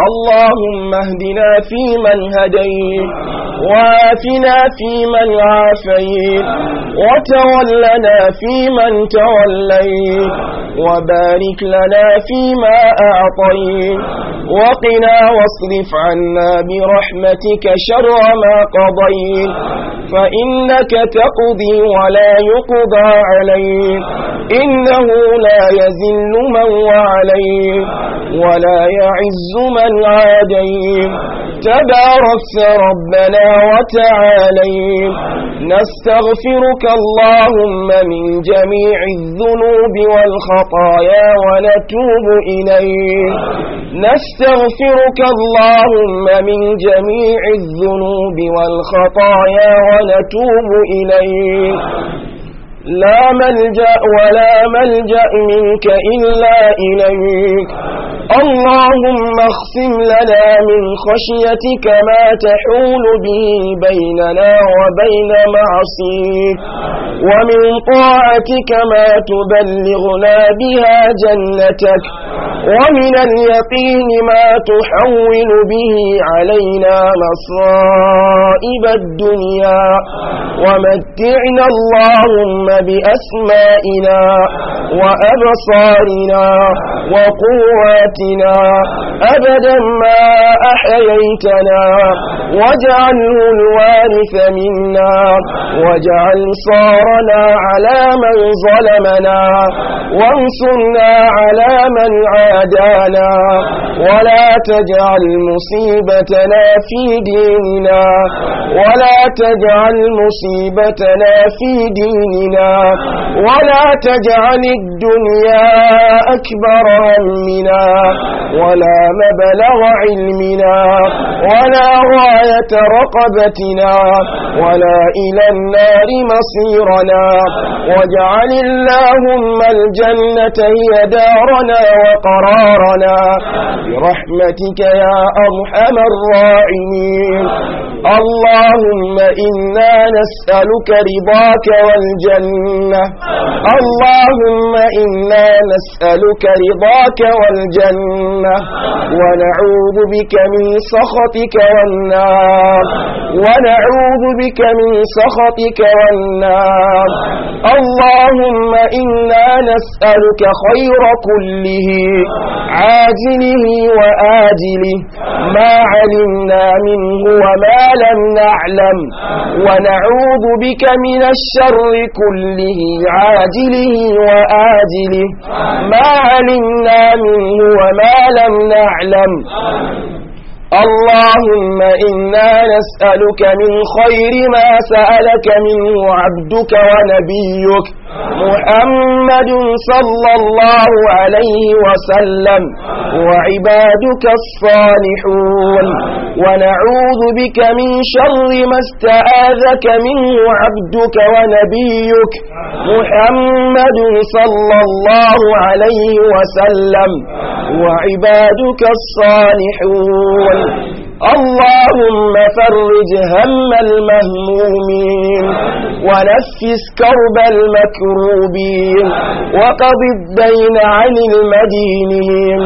اللهم اهدنا فيمن هديت وآتنا فيمن عافيت وتولنا فيمن توليت وبارك لنا فيما أعطيت وقنا واصرف عنا برحمتك شر ما قضيت فإنك تقضي ولا يقضى عليك إنه لا يزل من وعليه ولا يعز من عاديه تباركت ربنا وتعاليم نستغفرك اللهم من جميع الذنوب والخطايا ونتوب إليك نستغفرك اللهم من جميع الذنوب والخطايا ونتوب إليك لا ملجأ ولا ملجأ منك إلا إليك اللهم اخسم لنا من خشيتك ما تحول به بيننا وبين معصيك ومن طاعتك ما تبلغنا بها جنتك ومن اليقين ما تحول به علينا مصائب الدنيا ومتعنا اللهم بأسمائنا وأبصارنا وقواتنا أمواتنا أبدا ما أحييتنا واجعله الوارث منا واجعل صارنا على من ظلمنا وانصرنا على من عادانا ولا تجعل مصيبتنا في ديننا ولا تجعل مصيبتنا في ديننا ولا تجعل الدنيا أكبر همنا ولا مبلغ علمنا ولا غاية رقبتنا ولا إلى النار مصيرنا واجعل اللهم الجنة هي دارنا وقرارنا برحمتك يا أرحم الراعمين اللهم إنا نسألك رضاك والجنة اللهم إنا نسألك رضاك والجنة الجنة ونعوذ بك من سخطك والنار ونعوذ بك من سخطك والنار اللهم إنا نسألك خير كله عاجله وآجله ما علمنا منه وما لم نعلم ونعوذ بك من الشر كله عاجله وآجله ما علمنا منه وما وما لم نعلم اللهم إنا نسألك من خير ما سألك منه عبدك ونبيك محمد صلى الله عليه وسلم وعبادك الصالحون ونعوذ بك من شر ما استعاذك منه عبدك ونبيك محمد صلى الله عليه وسلم وعبادك الصالحون اللهم فرج هم المهمومين ونفس كرب المكروبين وقض الدين عن المدينين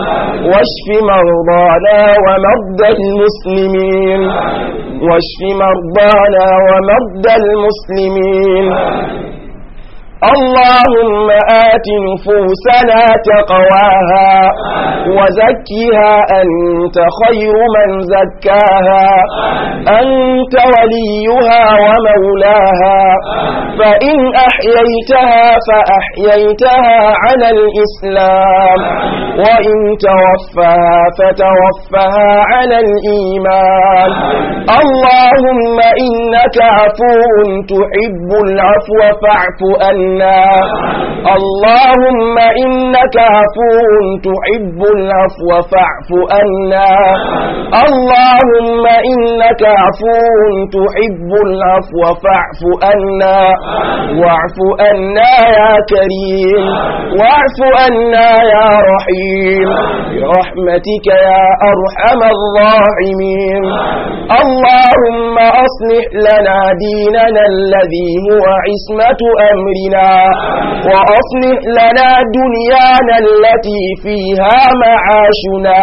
واشف مرضانا ومرضى المسلمين واشف مرضانا ومرضى المسلمين اللهم آت نفوسنا تقواها وزكها أنت خير من زكاها أنت وليها ومولاها فإن أحييتها فأحييتها على الإسلام وإن توفها فتوفها على الإيمان اللهم إنك عفو تحب العفو فاعف أن منا اللهم إنك عفو تحب العفو فاعف عنا اللهم إنك عفو تحب العفو فاعف عنا واعف عنا يا كريم واعف عنا يا رحيم برحمتك يا أرحم الراحمين اللهم أصلح لنا ديننا الذي هو عصمة أمرنا وأصلح لنا دنيانا التي فيها معاشنا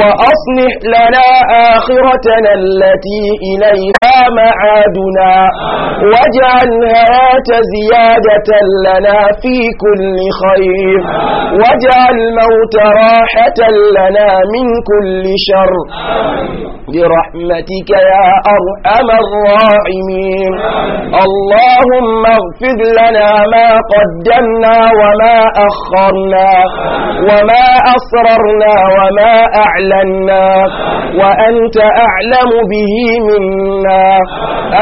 وأصلح لنا آخرتنا التي إليها معادنا واجعل الحياة زيادة لنا في كل خير واجعل الموت راحة لنا من كل شر برحمتك يا أرحم الراحمين اللهم اغفر لنا ما قدمنا وما أخرنا وما أسررنا وما أعلنا وأنت أعلم به منا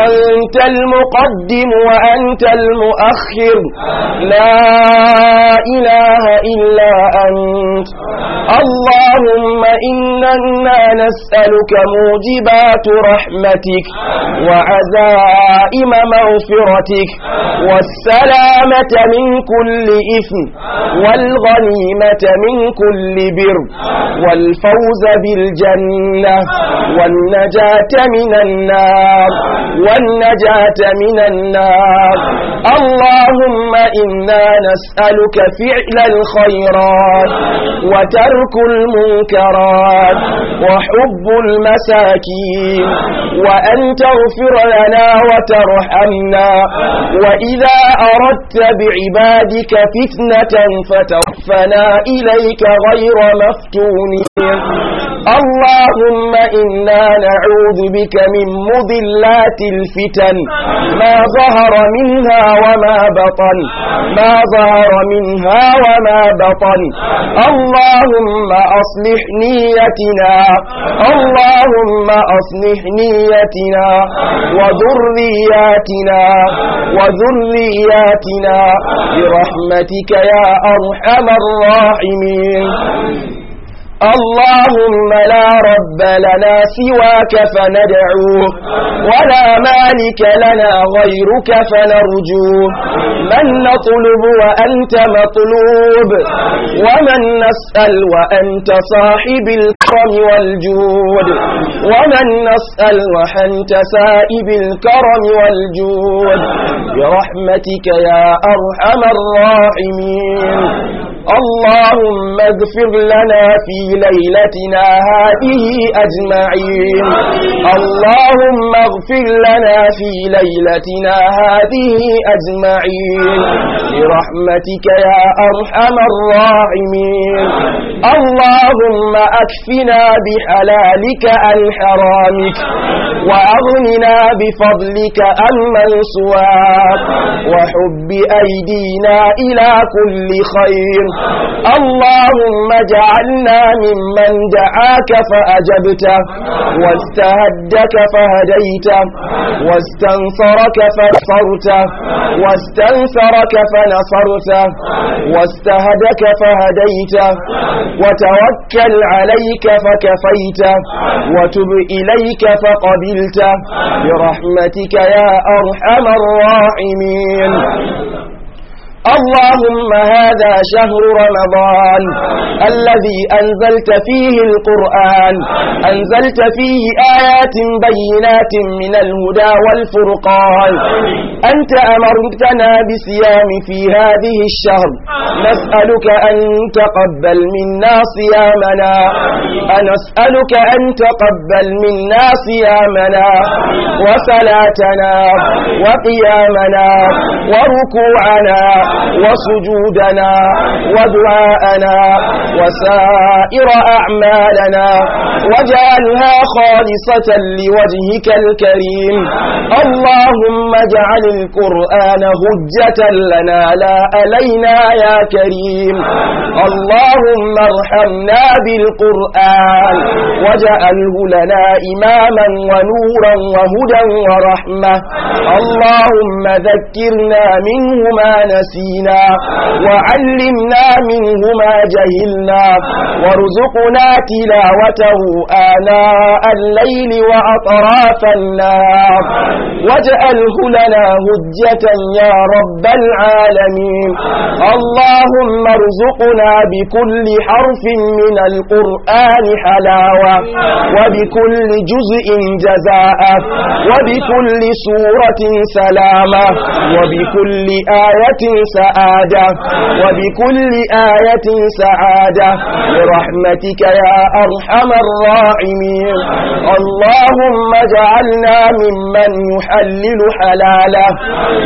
أنت المقدم وأنت المؤخر لا إله إلا أنت اللهم إننا نسألك موجبات رحمتك وعزائم مغفرتك والسلامة من كل إثم والغنيمة من كل بر والفوز بالجنة والنجاة من النار والنجاة من النار اللهم إنا نسألك فعل الخيرات وترك وترك المنكرات وحب المساكين وأن تغفر لنا وترحمنا وإذا أردت بعبادك فتنة فتوفنا إليك غير مفتونين اللهم إنا نعوذ بك من مضلات الفتن ما ظهر منها وما بطن ما ظهر منها وما بطن اللهم أصلح نيتنا اللهم أصلح نيتنا وذرياتنا وذرياتنا برحمتك يا أرحم الراحمين اللهم لا رب لنا سواك فندعوه ولا مالك لنا غيرك فنرجوه من نطلب وأنت مطلوب ومن نسأل وأنت صاحب الكرم والجود ومن نسأل وأنت سائب الكرم والجود برحمتك يا أرحم الراحمين اللهم اغفر لنا في ليلتنا هذه أجمعين اللهم اغفر لنا في ليلتنا هذه أجمعين برحمتك يا أرحم الراحمين اللهم أكفنا بحلالك عن حرامك وأغننا بفضلك أمن سواك وحب أيدينا إلى كل خير اللهم اجعلنا ممن دعاك فأجبته واستهدك فهديته واستنصرك فنصرت واستنصرك فنصرت واستهدك فهديت وتوكل عليك فكفيت وتب إليك فقبلت برحمتك يا أرحم الراحمين اللهم هذا شهر رمضان الذي أنزلت فيه القرآن أنزلت فيه آيات بينات من الهدى والفرقان أنت أمرتنا بصيام في هذه الشهر نسألك أن تقبل منا صيامنا نسألك أن تقبل منا صيامنا وصلاتنا وقيامنا وركوعنا وسجودنا ودعاءنا وسائر أعمالنا واجعلها خالصة لوجهك الكريم اللهم اجعل القرآن هجة لنا لا علينا يا الكريم اللهم ارحمنا بالقرآن واجعله لنا إماما ونورا وهدى ورحمة اللهم ذكرنا منه ما نسينا وعلمنا منه ما جهلنا وارزقنا تلاوته آناء الليل وأطراف النار واجعله لنا هدية يا رب العالمين الله اللهم ارزقنا بكل حرف من القرآن حلاوة وبكل جزء جزاء وبكل سورة سلامة وبكل آية سعادة وبكل آية سعادة برحمتك يا أرحم الراحمين اللهم اجعلنا ممن يحلل حلاله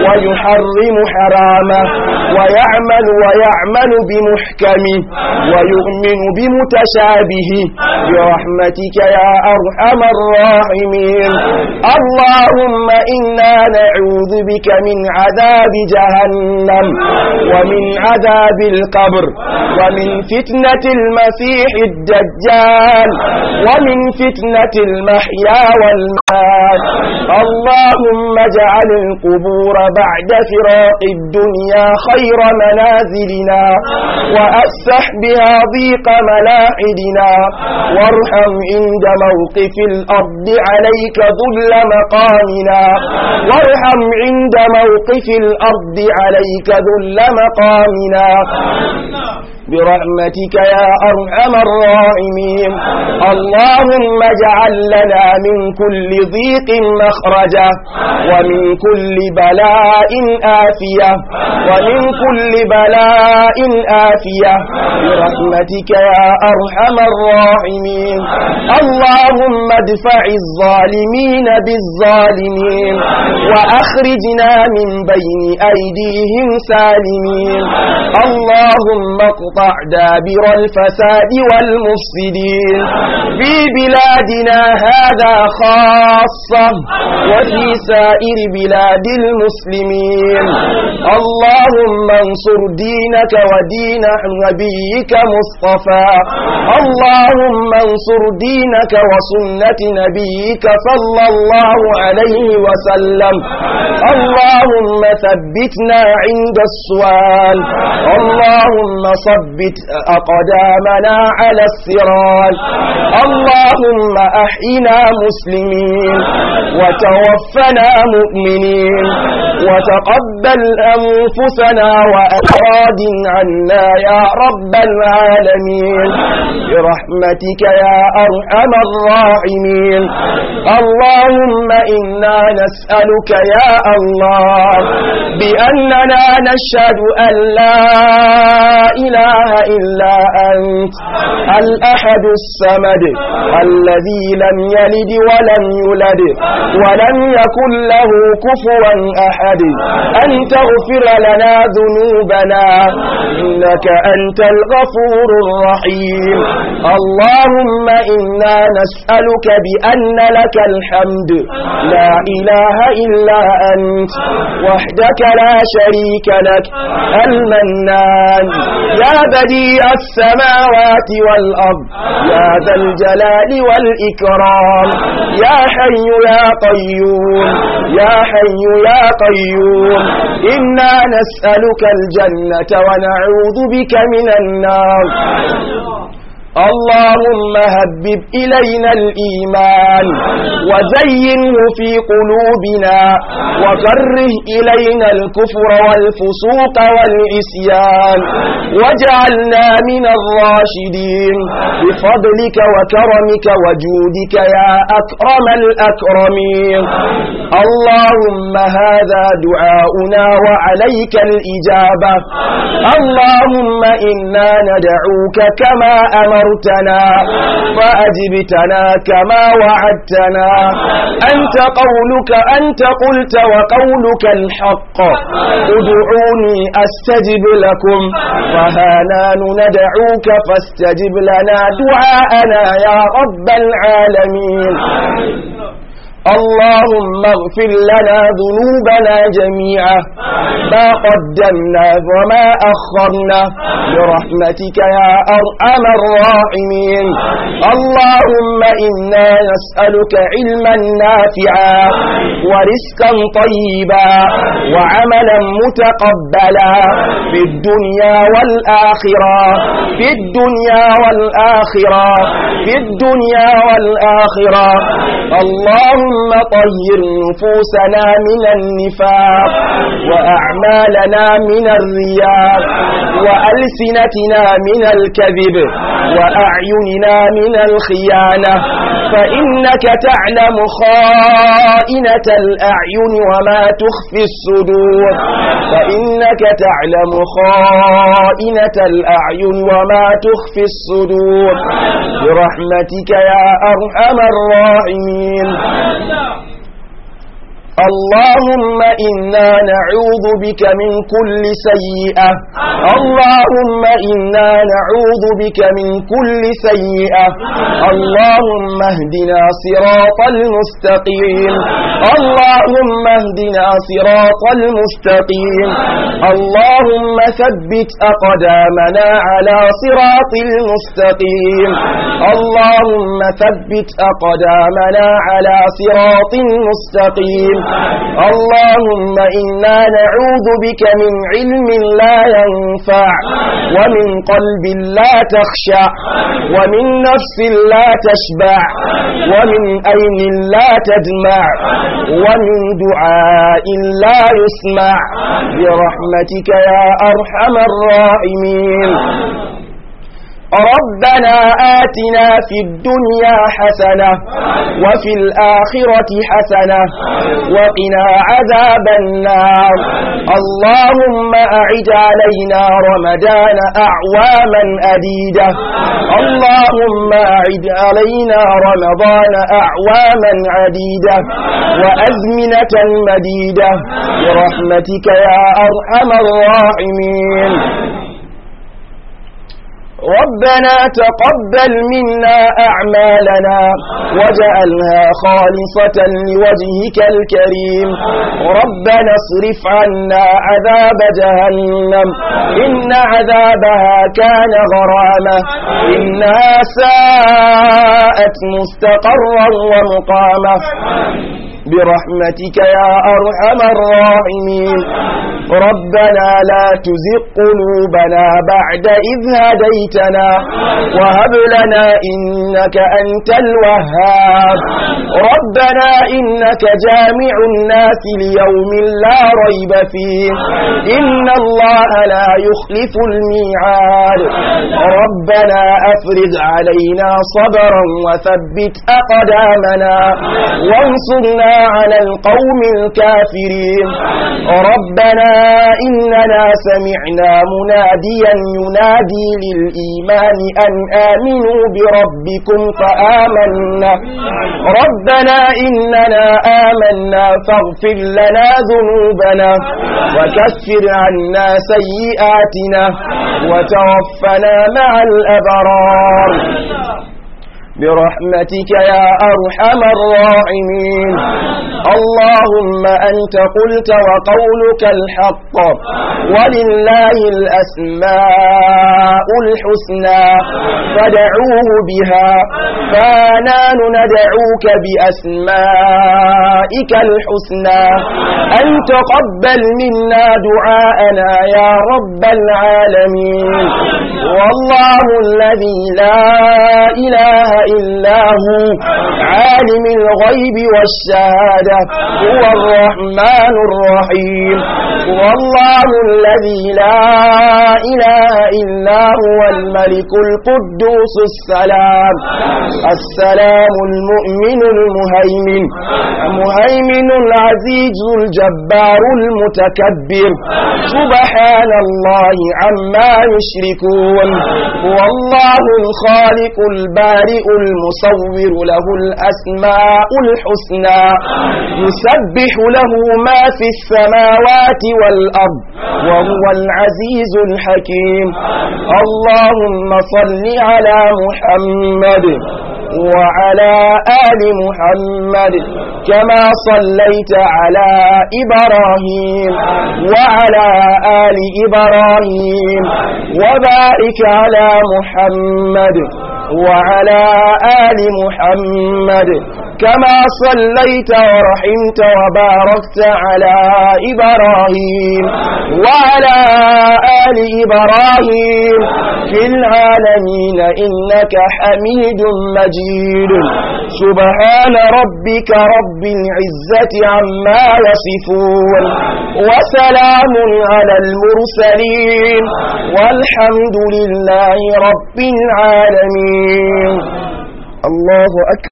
ويحرم حرامه ويعمل ويعمل يعمل بمحكمه ويؤمن بمتشابهه برحمتك يا أرحم الراحمين اللهم إنا نعوذ بك من عذاب جهنم ومن عذاب القبر ومن فتنة المسيح الدجال ومن فتنة المحيا والمات اللهم اجعل القبور بعد فراق الدنيا خير منازلنا وأسح بها ضيق ملاعدنا وارحم عند موقف الأرض عليك ذل مقامنا وارحم عند موقف الأرض عليك ذل مقامنا برحمتك يا أرحم الراحمين اللهم اجعل لنا من كل ضيق مخرجا ومن كل بلاء آفية ومن كل بلاء آفية برحمتك يا أرحم الراحمين اللهم ادفع الظالمين بالظالمين وأخرجنا من بين أيديهم سالمين اللهم اقطع دابر الفساد والمفسدين في بلادنا هذا خاصة وفي سائر بلاد المسلمين اللهم انصر دينك ودين نبيك مصطفى اللهم وانصر دينك وسنة نبيك صلى الله عليه وسلم اللهم ثبتنا عند السؤال اللهم صبت أقدامنا على السرال اللهم أحينا مسلمين وتوفنا مؤمنين وتقبل أنفسنا وأراد عنا يا رب العالمين برحمتك يا أرحم الراحمين اللهم إنا نسألك يا الله بأننا نشهد أن لا إله إلا أنت الأحد الصمد الذي لم يلد ولم يولد ولم يكن له كفوا أحد أن تغفر لنا ذنوبنا إنك أنت الغفور الرحيم اللهم إنا نسألك بأن لك الحمد لا إله إلا أنت وحدك لا شريك لك المنان يا بديع السماوات والأرض يا ذا الجلال والإكرام يا حي يا قيوم يا حي يا قيوم إنا نسألك الجنة ونعوذ بك من النار اللهم هبب إلينا الإيمان وزينه في قلوبنا وكره إلينا الكفر والفسوق والإسيان واجعلنا من الراشدين بفضلك وكرمك وجودك يا أكرم الأكرمين اللهم هذا دعاؤنا وعليك الإجابة اللهم إنا ندعوك كما أمر دعوتنا فأجبتنا كما وعدتنا أنت قولك أنت قلت وقولك الحق ادعوني أستجب لكم فهانا ندعوك فاستجب لنا دعاءنا يا رب العالمين اللهم اغفر لنا ذنوبنا جميعا ما قدمنا وما أخرنا برحمتك يا أرحم الراحمين اللهم إنا نسألك علما نافعا ورزقا طيبا وعملا متقبلا في الدنيا والآخرة في الدنيا والآخرة في الدنيا والآخرة اللهم اللهم طهر نفوسنا من النفاق وأعمالنا من الرياء وألسنتنا من الكذب وأعيننا من الخيانة فإنك تعلم خائنة الأعين وما تخفي الصدور فإنك تعلم خائنة الأعين وما تخفي الصدور برحمتك يا أرحم الراحمين اللهم إنا نعوذ بك من كل سيئة اللهم إنا نعوذ بك من كل سيئة اللهم اهدنا صراط المستقيم اللهم اهدنا صراط المستقيم اللهم ثبت أقدامنا على صراط المستقيم اللهم ثبت أقدامنا على صراط المستقيم اللهم إنا نعوذ بك من علم لا ينفع ومن قلب لا تخشع ومن نفس لا تشبع ومن أين لا تدمع ومن دعاء لا يسمع برحمتك يا أرحم الراحمين ربنا آتنا في الدنيا حسنة وفي الآخرة حسنة وقنا عذاب النار اللهم أعد علينا رمضان أعواما أديدة اللهم أعد علينا رمضان أعواما عديدة وأزمنة مديدة برحمتك يا أرحم الراحمين ربنا تقبل منا أعمالنا وجعلها خالصة لوجهك الكريم ربنا اصرف عنا عذاب جهنم إن عذابها كان غرامة إنها ساءت مستقرا ومقامة برحمتك يا أرحم الراحمين ربنا لا تزغ قلوبنا بعد إذ هديتنا وهب لنا إنك أنت الوهاب ربنا إنك جامع الناس ليوم لا ريب فيه إن الله لا يخلف الميعاد ربنا أفرغ علينا صبرا وثبت أقدامنا وانصرنا على القوم الكافرين ربنا إننا سمعنا مناديا ينادي للإيمان أن آمنوا بربكم فآمنا ربنا إننا آمنا فاغفر لنا ذنوبنا وكفر عنا سيئاتنا وتوفنا مع الأبرار برحمتك يا أرحم الراحمين اللهم أنت قلت وقولك الحق ولله الأسماء الحسنى فدعوه بها فانان ندعوك بأسمائك الحسنى أن تقبل منا دعاءنا يا رب العالمين والله الذي لا إله إلا هو عالم الغيب والشهادة هو الرحمن الرحيم هو الله الذي لا إله إلا هو الملك القدوس السلام السلام المؤمن المهيمن المهيمن العزيز الجبار المتكبر سبحان الله عما يشركون هو الله الخالق البارئ المصور له الأسماء الحسنى يسبح له ما في السماوات والأرض وهو العزيز الحكيم اللهم صل على محمد وعلى آل محمد كما صليت على إبراهيم وعلى آل إبراهيم وبارك على محمد وعلى آل محمد كما صليت ورحمت وباركت على إبراهيم وعلى آل إبراهيم في العالمين إنك حميد مجيد سبحان ربك رب العزة عما يصفون وسلام على المرسلين والحمد لله رب العالمين الله أكبر